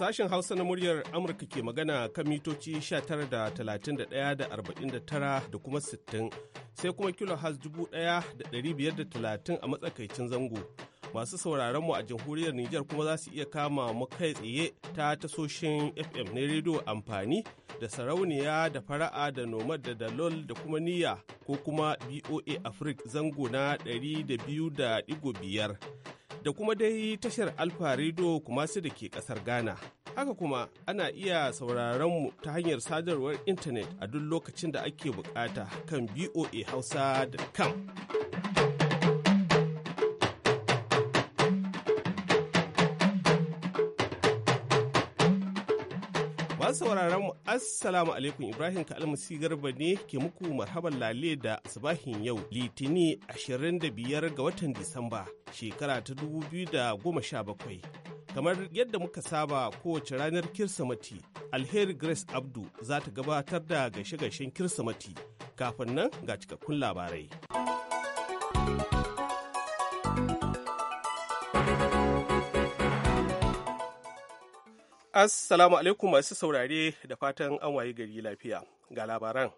Sashen Hausa na muryar Amurka ke magana kan mitoci 19.31 da 49 da kuma 60 sai kuma kilo has 1530 a matsakaicin zango. Masu sauraron mu a jamhuriyar Nijar kuma za su iya kama mu kai tsaye ta tasoshin FM na rediyo amfani da sarauniya da fara'a da nomad da dalol da kuma niyya ko kuma BOA Africa zango na 200.5 da kuma dai tashar Alfa kuma su da ke kasar Ghana. Haka kuma ana iya sauraron mu ta hanyar sadarwar intanet a duk lokacin da ake bukata kan boahausa.com. Masu sauraron mu Assalamu alaikum Ibrahim Kalmasi Garba ne ke muku marhaban lale da asibahin yau Litini 25 ga watan Disamba shekara ta 2017. Kamar yadda muka saba kowace ranar Kirsimati, Alheri Grace Abdu za ta gabatar da gashe-gashen Kirsimati. Kafin nan ga cikakkun labarai. Assalamu alaikum masu saurare da fatan an waye gari lafiya ga labaran.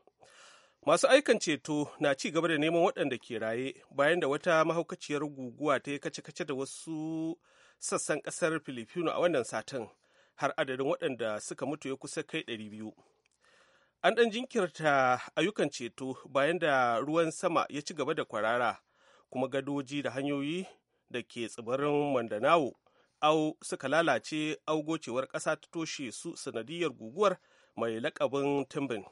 Masu aikan ceto na ci gaba da neman waɗanda ke raye bayan da wata mahaukaciyar guguwa ta yi kace-kace da wasu sassan ƙasar Filipino a wannan satin har adadin waɗanda suka mutu ya kusa kai ɗari biyu. An ɗan jinkirta ayyukan ceto bayan da ruwan sama ya ci gaba da kwarara kuma gadoji da hanyoyi da ke tsibirin Mandanao au suka lalace au ƙasa ta toshe su sanadiyar guguwar mai lakabin timbin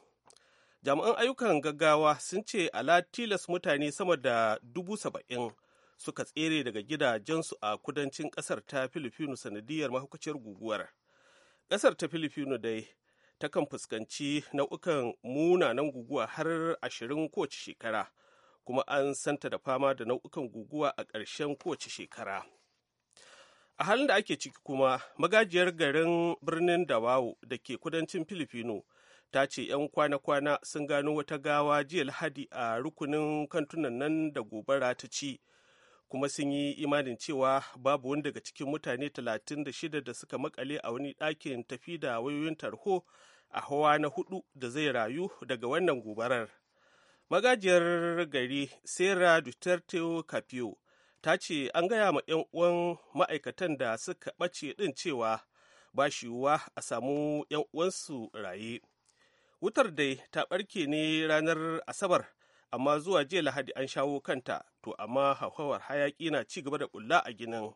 jami'an ayyukan gaggawa sun ce ala tilas mutane sama da dubu saba'in suka tsere daga gidajensu a kudancin ƙasar ta filifinu sanadiyar mahaukaciyar guguwar ƙasar ta filifinu dai takan fuskanci nau'ukan munanan guguwa har ashirin kowace shekara kuma an santa da fama da nau'ukan guguwa a ƙarshen kowace shekara. a halin da ake ciki kuma magajiyar garin birnin dawawo da ke kudancin filifino ta ce 'yan kwana-kwana sun gano wata gawa jiya lahadi a rukunin kantunan nan da gobara ta ci kuma sun yi imanin cewa babu wani daga cikin mutane 36 da suka makale a wani ɗakin tafi da wayoyin tarho a hawa na hudu da zai rayu daga wannan gobarar magajiyar gari sarah duterte capio ta ce an gaya ma 'yan uwan ma'aikatan da suka ɓace ɗin cewa ba shi yiwuwa a samu 'yan uwansu raye wutar dai ta ɓarke ne ranar asabar amma zuwa jiya lahadi an shawo kanta to amma hauhawar hayaƙi na ci gaba da ɓulla a ginin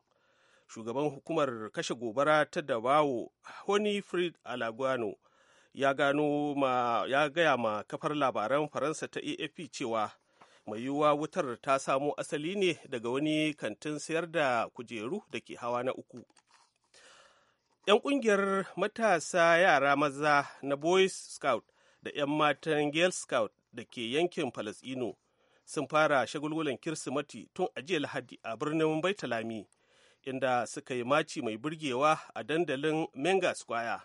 shugaban hukumar kashe gobara ta dabawo honeyfried alagwano ya ya gaya ma kafar labaran faransa ta afp cewa mai yiwuwa wutar ta samo asali ne daga wani kantin sayar da kujeru da ke hawa na uku 'yan ƙungiyar matasa yara maza na boys scout da 'yan matan girl scout da ke yankin falasino sun fara shagulgulan kirsimati tun a jiya lahadi a birnin baitalami inda suka yi maci mai burgewa a dandalin menga square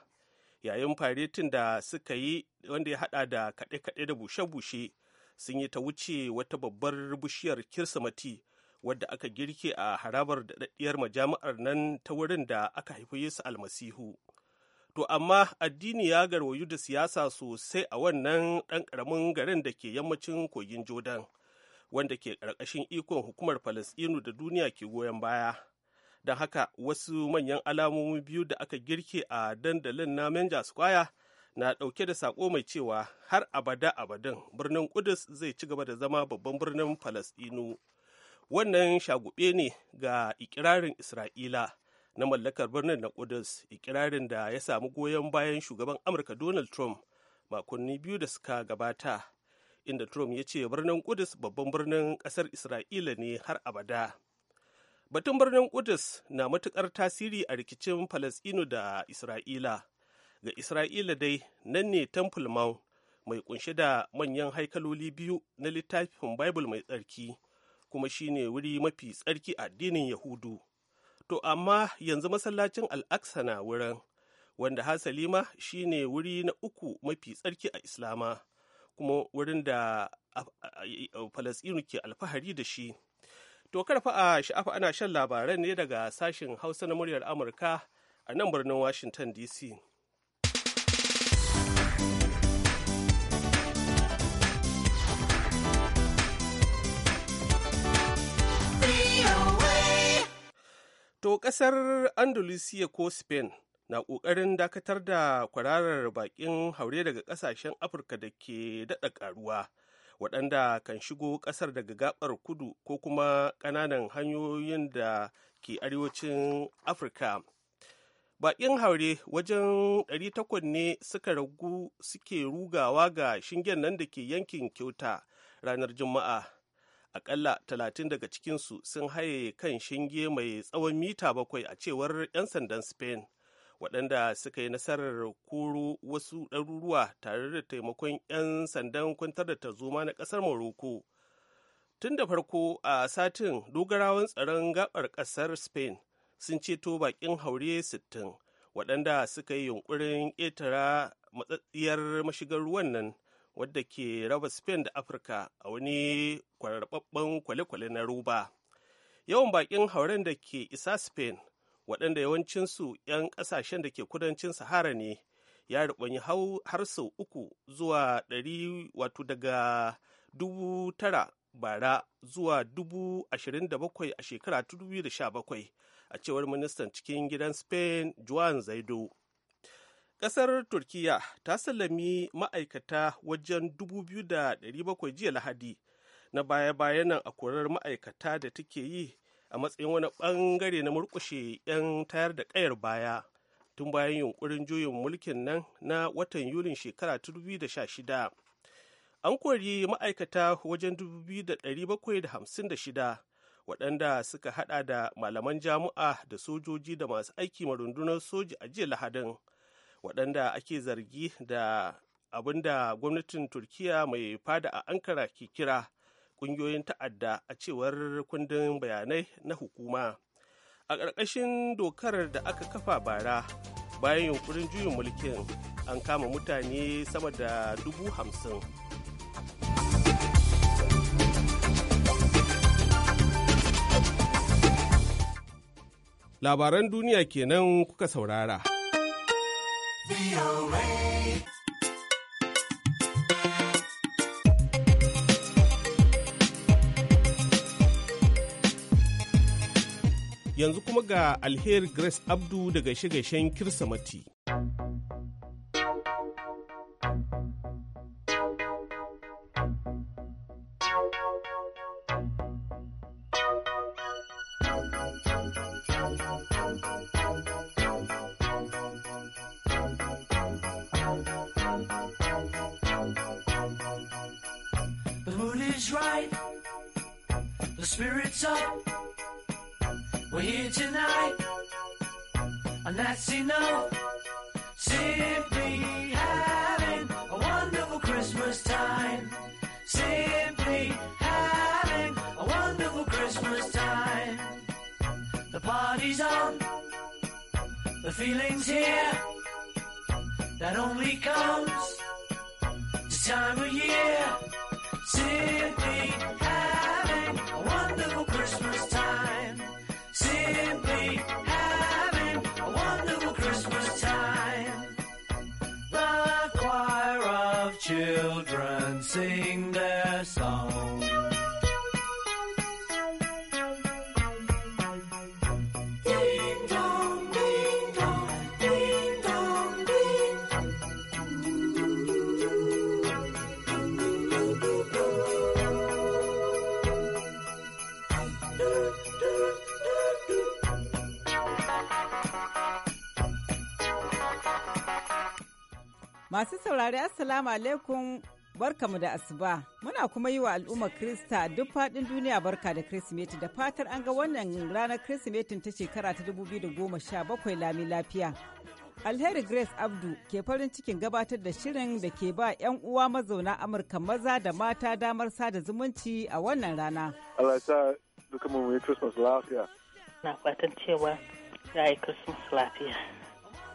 yayin faretin da suka yi wanda ya hada da kaɗe-kaɗe da bushe-bushe sun yi ta wuce wata babbar bishiyar kirsimati wadda aka girke a harabar daɗaɗɗiyar majami'ar nan ta wurin da aka haifi Yesu almasihu. To amma addini ya garwayu da siyasa sosai a wannan ɗan ƙaramin garin da ke yammacin kogin Jordan, wanda ke ƙarƙashin ikon hukumar Falasɗinu da duniya ke goyon baya. Don haka wasu manyan alamomi biyu da aka girke a dandalin na Menja Square na ɗauke da sako mai cewa har abada abadan birnin Kudus zai ci gaba da zama babban birnin Falasɗinu. Wannan shagube ne ga ikirarin Isra'ila na mallakar birnin na Kudus, ikirarin da ya samu goyon bayan shugaban Amurka Donald Trump makonni biyu da suka gabata, inda Trump ya ce birnin Kudus babban birnin ƙasar Isra'ila ne har abada. Batun birnin Kudus na matuƙar tasiri a rikicin Falasɗinu da Isra'ila. ga isra'ila dai nan ne temple mount mai kunshe da manyan haikaloli biyu na littafin bible mai tsarki kuma shi ne wuri mafi tsarki a addinin yahudu to amma yanzu masallacin al'aksa na wurin wanda hasali ma ne wuri na uku mafi tsarki a islama kuma wurin da falasɗinu ke alfahari da shi to karfa a sha'afa ana shan labaran ne daga sashen hausa na muryar amurka a nan birnin washington dc To ƙasar Andalusiya ko Spain na ƙoƙarin dakatar da kwararar baƙin haure daga ƙasashen Afirka da ke daɗa ƙaruwa waɗanda kan shigo ƙasar daga gaɓar kudu ko kuma ƙananan hanyoyin da ke arewacin Afirka. Baƙin haure wajen 800 ne suka ragu suke rugawa ga shingen nan da ke yankin kyauta ranar Juma'a. akalla talatin daga cikinsu sun haye kan shinge mai tsawon mita bakwai a cewar 'yan sandan spain waɗanda suka yi nasarar koro wasu ɗaruruwa tare da taimakon 'yan sandan kwantar da tarzoma na ƙasar morocco tun da farko a satin dogarawan tsaron gabar ƙasar spain sun ceto bakin haure 60 waɗanda suka yi yunkurin ƙetara matsatsiyar mashigar ruwan nan wadda ke raba spain da afirka a wani kwararrababben kwale-kwale na roba yawan bakin hauren da ke isa spain waɗanda yawancinsu 'yan ƙasashen da ke kudancin sahara ne ya riɓanyi har sau uku zuwa ɗari wato daga dubu tara bara zuwa dubu ashirin da bakwai a shekara 2017 a cewar ministan cikin gidan spain juan zaido Ƙasar Turkiyya ta sallami ma'aikata wajen 2,700 jiya Lahadi na baya-bayan nan a korar ma'aikata da take yi a matsayin wani ɓangare na murƙushe 'yan tayar da ƙayar baya tun bayan yunkurin juyin mulkin nan na watan Yulin shekara 2016. An kori ma'aikata wajen 2,756 waɗanda suka haɗa da malaman jami'a da sojoji da masu aiki ma rundunar soji a jiya Lahadin. waɗanda ake zargi da abin da gwamnatin turkiya mai fada a ankara ke kira ƙungiyoyin ta'adda a cewar kundin bayanai na hukuma a ƙarƙashin dokar da aka kafa bara bayan yunkurin juyin mulkin an kama mutane sama da dubu hamsin labaran duniya kenan kuka saurara. Yanzu kuma ga alheri Grace Abdu daga shigashen mati. party's on. The feeling's here. That only comes this time of year. Simply Masu saurari Assalamu alaikum barkamu da asuba. Muna kuma yi wa al'umma Krista duk faɗin duniya barka da Kirsimeti da fatar an ga wannan ranar Kirsimetin ta shekara ta 2017 lami lafiya. Alheri Grace Abdu ke farin cikin gabatar da shirin da ke ba 'yan uwa mazauna Amurka maza da mata damar sada zumunci a wannan rana. Allah sa duka mu yi Christmas lafiya. Na fatan cewa za a yi Christmas lafiya.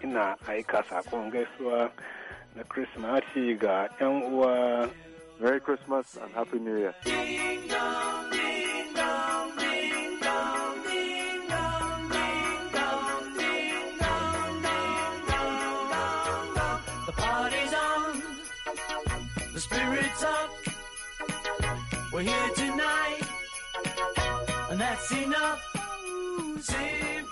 Ina aika sakon gaisuwa na Kirsimati ga 'yan uwa. Merry Christmas and Happy New Year. We're here tonight, and that's enough. Save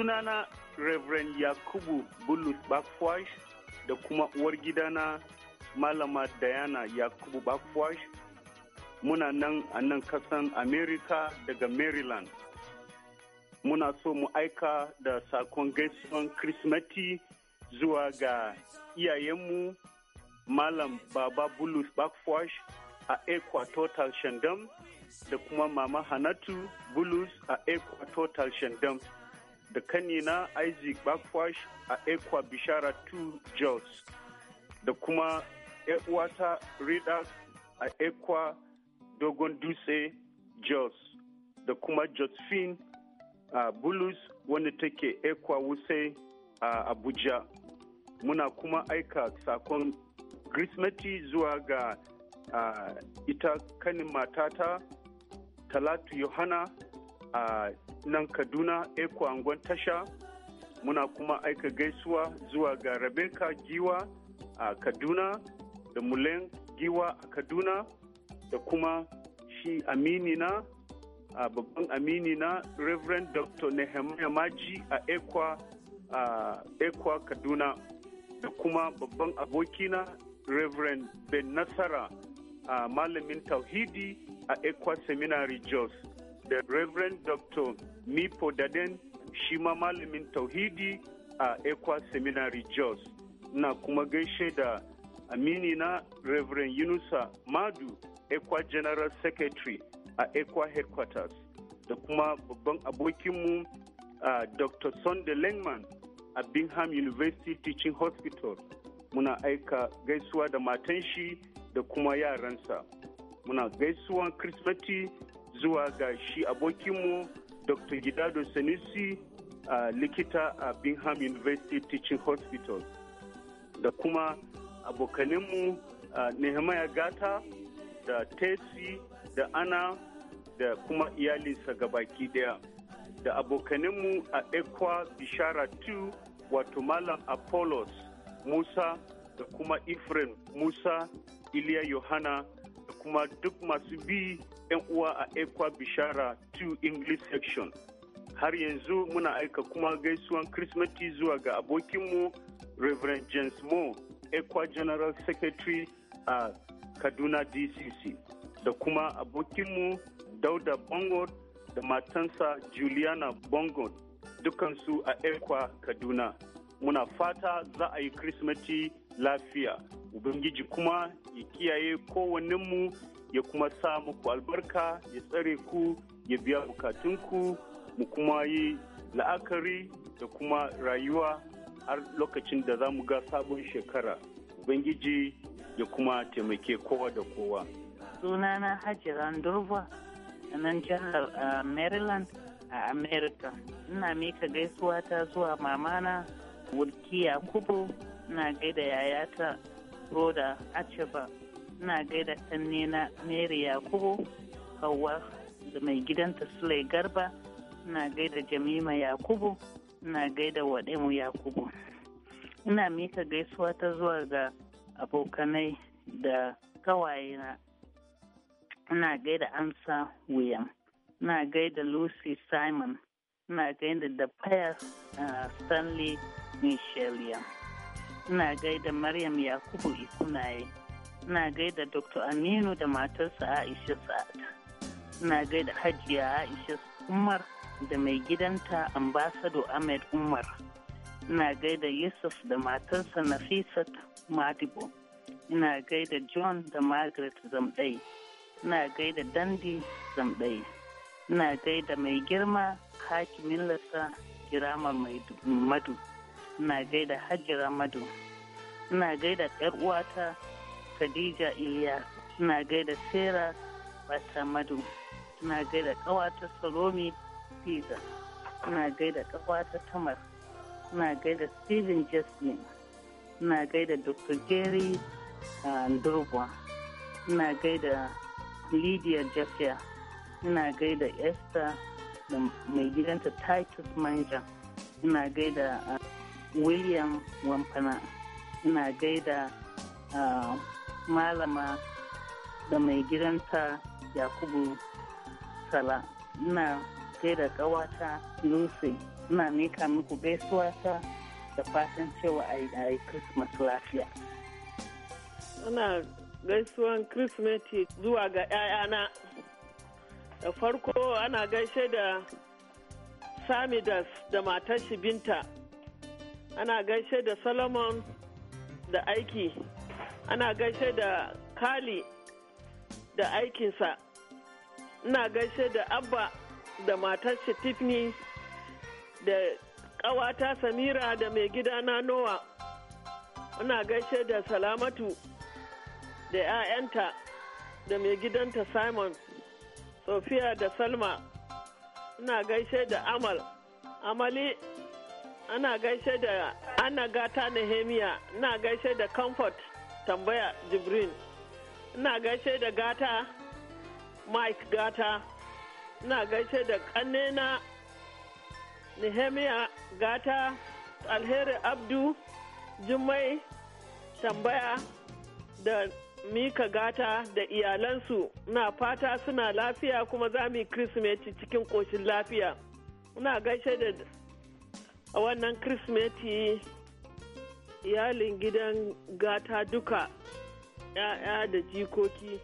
sunana reverend yakubu bulus bakwash da kuma uwar gidana malama diana yakubu bakwash muna nan a nan kasan america daga maryland muna so mu aika da sakon gaisuwan kirismeti zuwa ga iyayenmu malam baba bulus bakwash a ekwa total shandam da kuma mama hanatu bulus a ekwa total shandam da kanina Isaac Backwash a Ekwa Bishara 2 Jos da kuma uwata Rida a Ekwa Dogon Dutse Jos da kuma Josephine uh, Bulus wanda take Ekwa Wuse a uh, Abuja. Muna kuma aika sakon Grismeti zuwa ga uh, ita kanin matata Talatu Yohana a nan kaduna eko angon tasha muna kuma aika gaisuwa zuwa ga rebecca giwa a kaduna da mulen giwa a kaduna da kuma shi aminina a babban aminina reverend dr nehemiah maji a ekwa a ekwa kaduna da kuma babban abokina reverend ben nasara a malamin tauhidi a ekwa seminary jos da Reverend Dr. Mipo Daden shi ma malamin tauhidi a Ekwa Seminary Jos. Na kuma gaishe da amini na Reverend Yunusa Madu Ekwa General Secretary a Ekwa Headquarters da kuma babban abokinmu a Dr. Sunday Lengman a Bingham University Teaching Hospital. Muna aika gaisuwa da matan shi da kuma yaransa. Muna gaisuwan Kirsimeti zuwa ga shi abokinmu dr gidado sanusi a likita a bingham university teaching hospital da kuma abokaninmu nehemiah gata da tesi da ana da kuma iyalinsa gabaki daya da abokaninmu a ekwa bishara 2 wato malam apollos musa da kuma Ephraim Musa, Iliya Yohana da kuma duk masu bi 'yan uwa a ekwa bishara 2 english section har yanzu muna aika kuma gaisuwan krismati zuwa ga abokinmu reverend james moore ekwa general secretary a kaduna dcc da kuma abokinmu dauda bongo da matansa juliana bongo dukansu a ekwa kaduna muna fata za a yi krismati lafiya ubangiji kuma ya kiyaye kowanninmu ya kuma sa muku albarka ya tsare ku ya biya bukatunku mu kuma yi la'akari da kuma rayuwa har lokacin da za mu ga sabon shekara bangiji ya kuma taimake kowa da kowa sunana hajjira durba a nan jihar maryland a america ina mika gaisuwa ta zuwa mamana wulkiya kubo na gaida yayata roda acheba ina gaida ɗan nena mary yakubu Hauwa da mai gidanta Sulai garba ina gaida jamima yakubu ina gaida waɗemu yakubu ina mika gaisuwa ta zuwa ga abokanai da kawayena ina gaida amsa william ina gaida lucy simon ina gaida da payar ah, stanley michelle ina gaida maryam yakubu ikunaye na gaida dr aminu da matarsa aisha sa'ad na gaida hajiya aisha umar da mai gidanta ambasado ahmed umar na gaida yusuf da matarsa nafisat madibo ina gaida john da margaret zamɗai Na gaida dandi zamɗai Na gaida mai girma hakimin lassa mai madu na gaida hajjira madu ina gaida 'yar uwata Khadija Iliya ina gaida Sera Batamadu suna gaida ƙawata Salome Pizza suna gaida ƙawata Tamar suna gaida Steven Jasmine suna gaida Dr. Gary ah, Ndurgwa ina gaida Lydia Jafia suna gaida Esther da mai gidanta Titus Manja suna gaida ah, William Wampana ina gaida ah, malama da mai gidanta yakubu sala ina gaida ƙawata lucy ina mika muku gaisuwa ta da fatan cewa a yi christmas lafiya ana gaisuwan kirsimeti zuwa ga 'ya'yana da farko ana gaishe da samidas da matar shi binta ana gaishe da solomon da aiki ana gaishe da kali da aikinsa ina gaishe da abba da matar shi tiffany da ƙawata samira da mai na nowa ina gaishe da salamatu da 'ya'yanta da mai gidanta simon sophia da salma ina gaishe da amal amali ana gaishe da ana gata nehemiya ina gaishe da comfort tambaya jibrin ina gaishe da gata mike gata ina gaishe da ƙannena nehemiya gata alheri abdu jimai tambaya da mika gata da iyalansu na fata suna lafiya kuma za mu yi kirsimeti cikin ƙoshin lafiya ina gaishe da wannan kirsimeti iyalin gidan gata duka ‘ya'ya da jikoki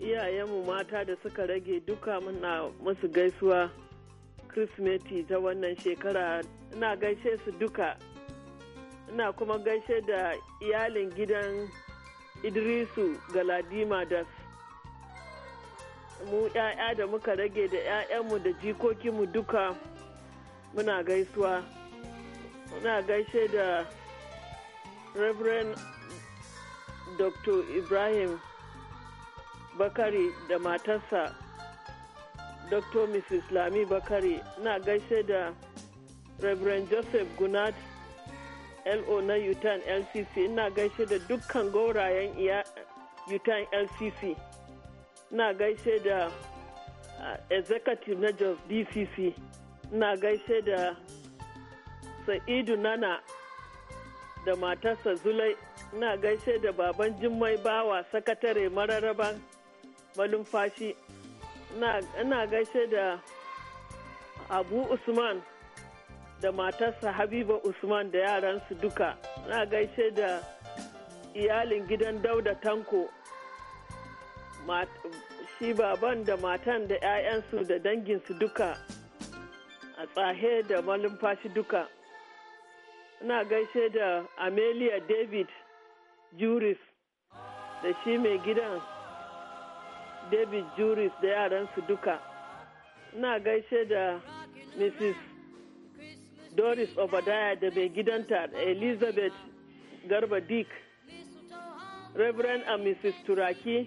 iyayenmu mata da suka rage duka muna musu gaisuwa kirsimeti ta wannan shekara ina gaishe su duka ina kuma gaishe da iyalin gidan idrisu galadima da mu ‘ya'ya da muka rage da ‘ya'yanmu da jikokinmu duka muna gaisuwa muna gaishe da Reverend Dr. Ibrahim Bakari da matarsa Dr. Mrs. Lami Bakari na gaishe da Reverend Joseph Gunat LO na Utan LCC ina gaishe da dukkan gaurayen iya Utan LCC na gaishe da uh, executive na Jos DCC na gaishe da sa'idu nana da matarsa zulai na gaishe da baban jimmai bawa sakatare mararaban malumfashi ina gaishe da abu usman da matarsa habiba usman da yaransu duka na gaishe da iyalin gidan dauda tanko shi baban da matan da 'ya'yansu da danginsu duka a tsahe da malumfashi duka ina gaishe da amelia david juris da shi mai gidan david juris da yaransu duka ina gaishe da mrs doris obadiah da mai gidanta elizabeth garba dick reverend and mrs turaki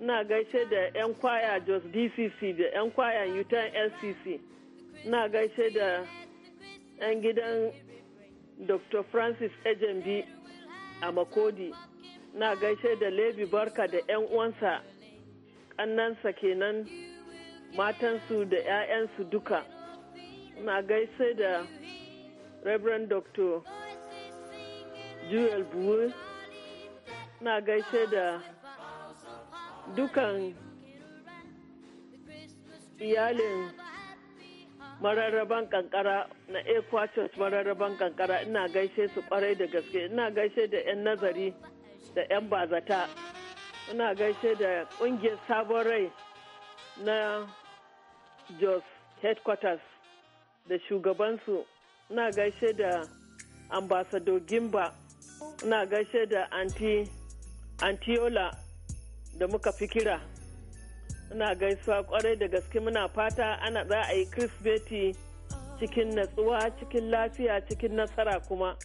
ina gaishe da 'yan kwaya jos dcc da 'yan kwaya utah lcc ina gaishe da 'yan gidan dr francis ejembi a makodi na gaishe da levi barka da 'yan uwansa ƙannansa kenan matansu da 'ya'yansu duka na gaishe da reverend dr jewel buwe na gaishe da dukan iyalin mararraban kankara na equatus mararraban kankara ina gaishe su kwarai da gaske ina gaishe da 'yan nazari da 'yan bazata ina gaishe da kungiyar sabon rai na jos headquarters da shugabansu ina gaishe da ambassador gimba ina gaishe da antiola da muka fikira. kira Ina gaisuwa kwarai da gaske muna fata ana za a yi Kirsimeti cikin natsuwa, cikin lafiya, cikin nasara kuma.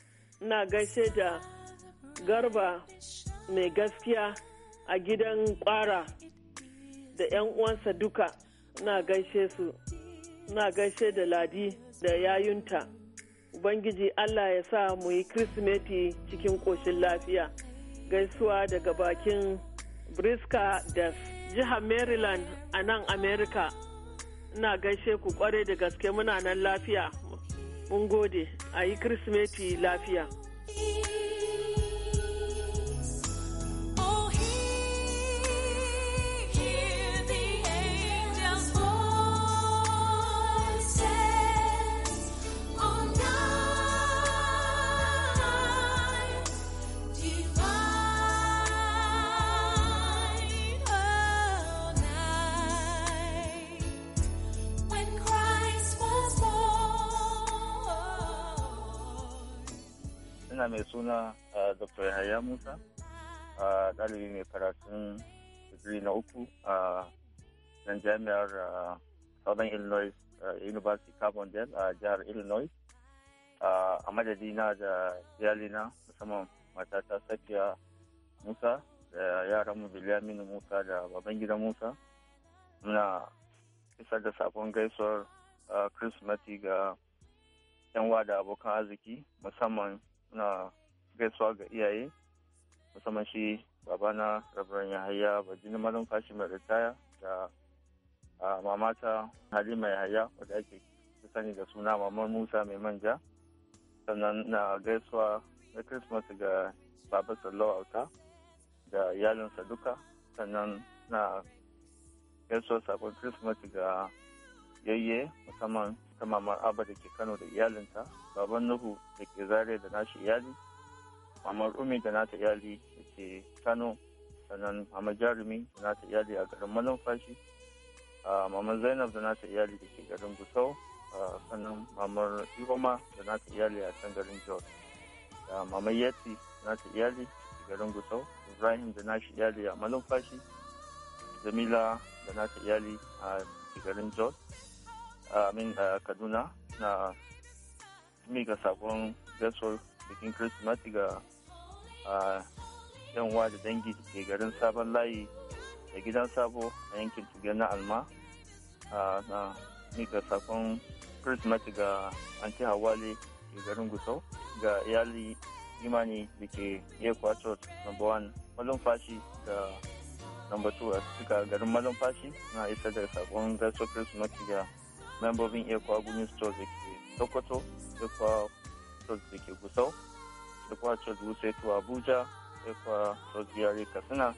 Ina gaishe da garba mai gaskiya a gidan kwara da 'yan uwansa duka. Ina gaishe su. Ina gaishe da ladi da yayunta. Ubangiji Allah ya sa mu yi Kirsimeti cikin ƙoshin lafiya. Gaisuwa daga bakin Briska da jihar Maryland a nan Amerika. Ina gaishe ku kware da gaske muna nan lafiya. Mun gode, a yi Kirsimeti lafiya. magana mai suna Dr. Yahaya Musa, a ɗalibi mai karatun digiri na uku a nan jami'ar Southern Illinois University Carbondale a jihar Illinois. A madadina da iyalina musamman matata Safiya Musa da yaran mu Bilyaminu Musa da baban gidan Musa. Muna isar da sabon gaisuwar christmas ga 'yan da abokan arziki musamman na gaisuwa ga iyaye musamman shi babana rabin yahaya bajini malin fashi mai ritaya da mamata halima yahaya wadda ake sani da suna mamar musa mai manja sannan na gaisuwa na christmas ga baba sallawa da iyalinsa duka sannan na gaisuwa sakon christmas ga yayye musamman ta mamar Abba da ke Kano da iyalinta, baban Nuhu da ke Zaria da nashi iyali, mamar Umi da nata iyali da ke Kano, sannan mamar Jarumi da nata iyali a garin Malumfashi, mamar Zainab da nata iyali da ke garin Gusau, sannan mamar Ihoma da nata iyali a can garin Jos, da mamar Yeti da nata iyali garin Gusau, Ibrahim da nashi iyali a Malumfashi, Jamila da nata iyali a garin Jos, amin a kaduna na ga saƙon gasar bikin kirsimati ga yan da dangi ke garin sabon layi da gidan sabo a yankin tuge na alma na ga sabon kirsimati ga anti hawali ke garin gusau ga iyali imani da ke iya ekwator number one malon fashi da number two a cika garin malon fashi na isa da saƙon gasar kirsimati ga membobin ekwa gumin stores da ke sokoto kwa stores da ke gusau kwa stores wuse to abuja kwa stores biyari katsina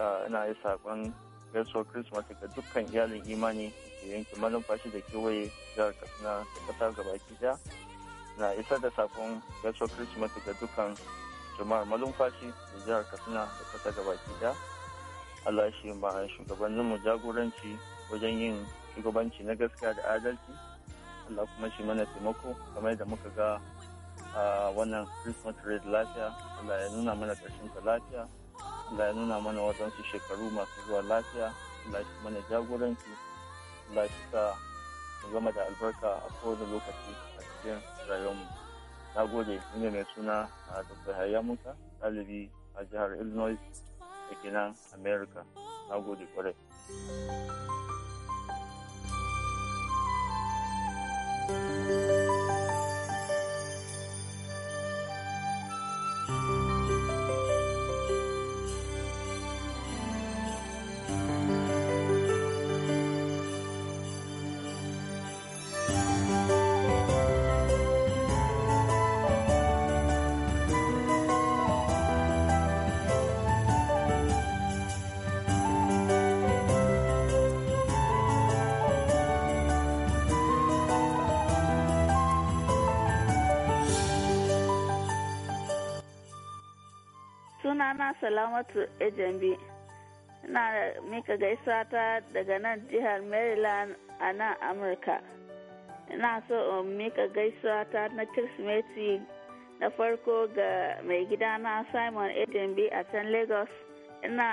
ah, ina yi saƙon gaso christmas ga dukkan iyalin imani da yankin malumfashi da kewaye jihar katsina da ƙasa gabaki daya na isar da saƙon gaso christmas ga dukkan jama'ar malumfashi da jihar katsina da ƙasa gabaki daya Allah shi ma shugabanninmu jagoranci wajen yin shugabanci na gaskiya da adalci Allah kuma shi mana taimako kamar da muka ga wannan Christmas Red lafiya Allah ya nuna mana ƙarshen ta lafiya Allah ya nuna mana waɗansu shekaru masu zuwa lafiya Allah shi mana jagoranci Allah shi sa mu zama da albarka a kowane lokaci a cikin rayuwarmu na gode ne mai suna a Dr. Hayya Musa ɗalibi a jihar Illinois da kenan America na gode kwarai thank you salamatu ejembi na mika gaisuwa ta daga nan jihar maryland a nan amurka ina so in mika gaisuwa ta na kirsimeti na farko ga mai gida na simon ejembi a can lagos ina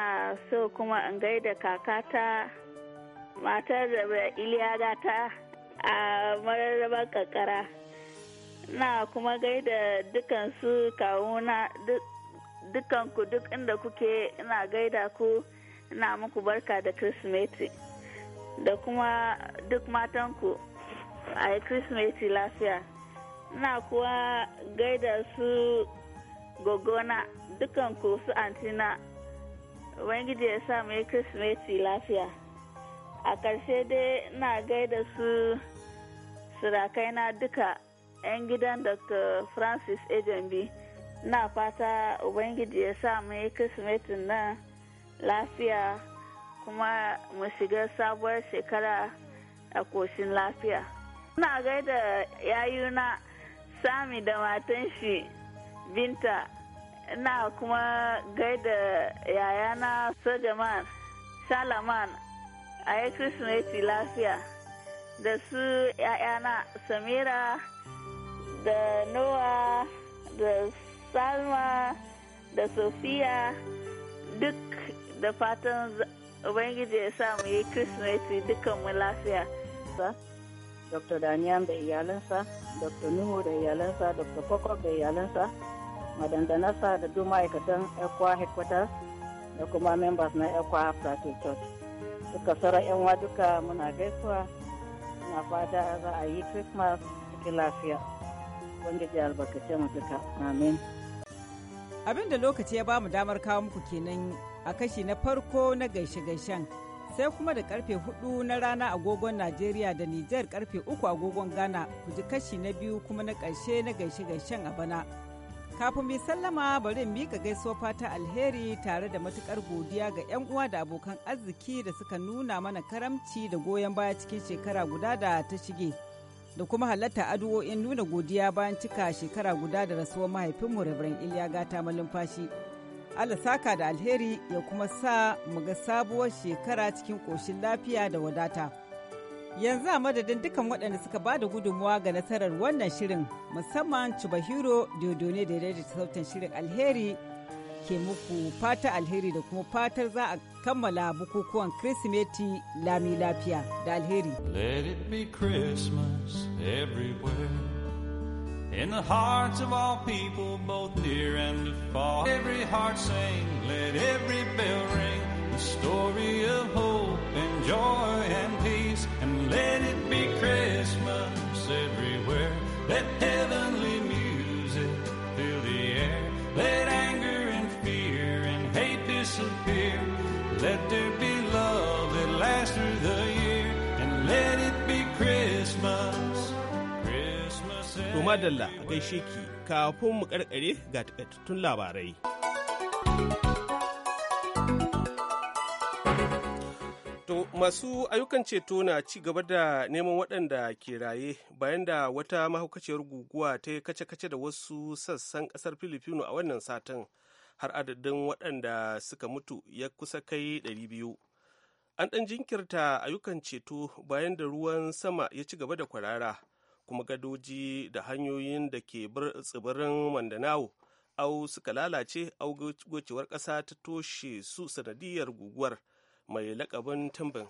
so kuma in gaida kakata matar da iliyaga ta a mararraba kakara na kuma gaida dukansu kawuna dukanku duk inda kuke ina gaida ku ina muku barka da kirsimeti da kuma duk matanku a yi kirsimeti lafiya ina kuwa gaida su gogona dukanku su antina ubangiji ya sa mu yi kirsimeti lafiya a ƙarshe dai ina gaida su surakaina duka 'yan gidan dr francis ejenbi na fata ubangiji ya sa mu yi kismetin nan lafiya kuma mu shiga sabuwar shekara a koshin lafiya ina gaida yayuna sami da matan shi binta ina kuma gaida yayana sojaman salaman a yi kirsimeti lafiya da su ‘ya'yana samira da noah da salma da Sofia duk da fatan ubangiji ya sa mu yi kirsimeti mu lafiya dr daniel da iyalansa dr nuhu da iyalansa dr Koko da iyalansa madandanarsa da duk ma'aikatan ekwa headquarters da kuma members na ekwa after church duka sauran yanwa duka muna gaisuwa na fata za a yi christmas cikin lafiya abin da lokaci ya bamu damar kawo muku kenan a kashi na farko na gaishe-gaishen sai kuma da karfe hudu na rana agogon najeriya da nijar karfe uku agogon ghana ku ji kashi na biyu kuma na karshe na gaishe-gaishen a bana kafin mai sallama bari in miƙa gaisuwa fata alheri tare da matukar godiya ga 'yan uwa da abokan arziki da suka nuna mana karamci da goyon baya cikin shekara guda da ta shige. da kuma halatta addu'o'in nuna godiya bayan cika shekara guda da rasuwar mahaifinmu Reverend Iliya Gata Malumfashi. Allah saka da alheri ya kuma sa mu ga sabuwar shekara cikin ƙoshin lafiya da wadata. Yanzu a madadin dukan waɗanda suka ba da gudunmuwa ga nasarar wannan shirin musamman cibahiro Dodone da ya daidaita sautin shirin alheri ke muku fata alheri da kuma fatar za a kammala bukukuwan Kirsimeti lami lafiya da alheri. Let it be Christmas everywhere. In the hearts of all people, both near and far. Every heart sing, let every bell ring. The story of hope and joy and peace. And let it be Christmas everywhere. Let heaven To madalla a gaishe ki kafin mu karkare ga takaitattun labarai. To masu ayyukan ceto na ci gaba da neman waɗanda ke raye bayan da wata mahaukaciyar guguwa ta yi kace-kace da wasu sassan ƙasar Filifino a wannan satin har adadin waɗanda suka mutu ya kusa kai 200. An ɗan jinkirta ayyukan ceto bayan da ruwan sama ya ci gaba da kwarara. kuma gadoji da hanyoyin da ke tsibirin mandanao au suka lalace au gocewar ƙasa ta toshe su sanadiyar guguwar mai lakabin tambin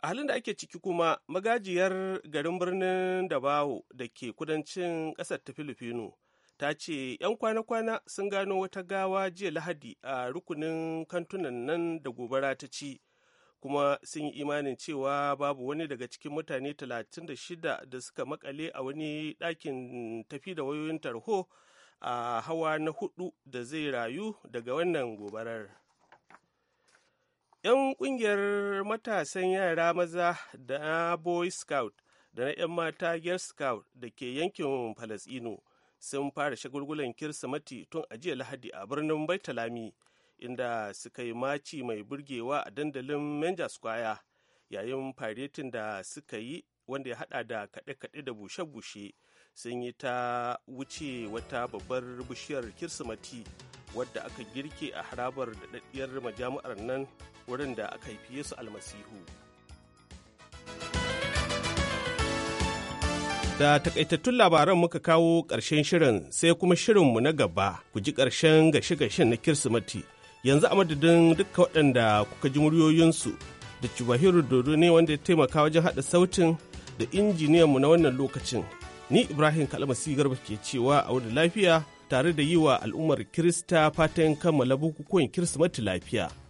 a halin da ake ciki kuma magajiyar garin birnin dabawo da ke kudancin ƙasar ta filifino ta ce 'yan kwana-kwana sun gano wata gawa jiya lahadi a rukunin kantunan nan da gobara ta ci kuma sun yi imanin cewa babu wani daga cikin mutane 36 da suka makale a wani ɗakin tafi da wayoyin tarho a hawa na hudu da zai rayu daga wannan gobarar. 'Yan ƙungiyar matasan yara maza da na Boy Scout da na 'yan mata Girl Scout da ke yankin Falasino sun fara shagulgulan Kirsimeti tun a jiya Lahadi a birnin Baitalami. inda suka yi maci mai burgewa a dandalin menja square yayin faretin da suka yi wanda ya hada da kaɗe-kaɗe da bushe-bushe sun yi ta wuce wata babbar bishiyar kirsimati wadda aka girke a harabar daɗaɗɗiyar majami'ar nan wurin da aka haifi yesu almasihu Da takaitattun labaran muka kawo ƙarshen shirin sai kuma shirinmu na gaba ku ji ƙarshen gashe-gashen na Kirsimeti yanzu a madadin duka waɗanda kuka ji muryoyinsu da Chubahiro Dodo ne wanda ya taimaka wajen haɗa sautin da injiniyanmu na wannan lokacin. Ni Ibrahim Kalmasi Garba ke cewa a wani lafiya tare da yi wa al'ummar Kirista fatan kammala bukukuwan Kirsimeti lafiya.